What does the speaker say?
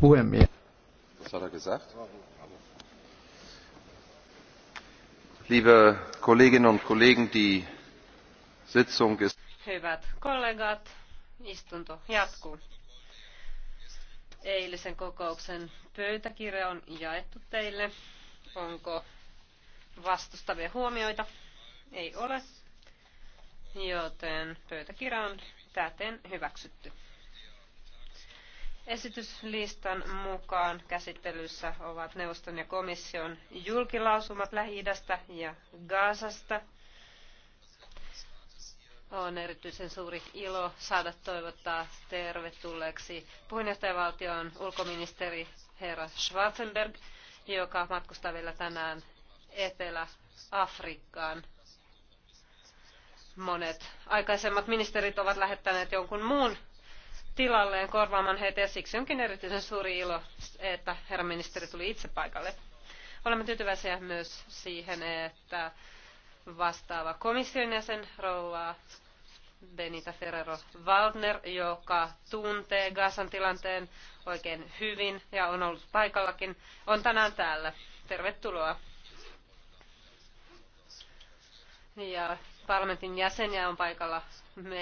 Puhemies. Er Liebe Kolleginnen und Kollegen, die Sitzung ist. Hyvät kollegat, istunto jatkuu. Eilisen kokouksen pöytäkirja on jaettu teille. Onko vastustavia huomioita? Ei ole joten pöytäkirja on täten hyväksytty. Esityslistan mukaan käsittelyssä ovat neuvoston ja komission julkilausumat lähi ja Gaasasta. On erityisen suuri ilo saada toivottaa tervetulleeksi puheenjohtajavaltion ulkoministeri herra Schwarzenberg, joka matkustaa vielä tänään Etelä-Afrikkaan Monet aikaisemmat ministerit ovat lähettäneet jonkun muun tilalleen korvaamaan heitä ja siksi onkin erityisen suuri ilo, että herra ministeri tuli itse paikalle. Olemme tyytyväisiä myös siihen, että vastaava komission jäsen rouva Benita Ferrero Waldner, joka tuntee Gazan tilanteen oikein hyvin ja on ollut paikallakin, on tänään täällä. Tervetuloa ja parlamentin jäseniä on paikalla me.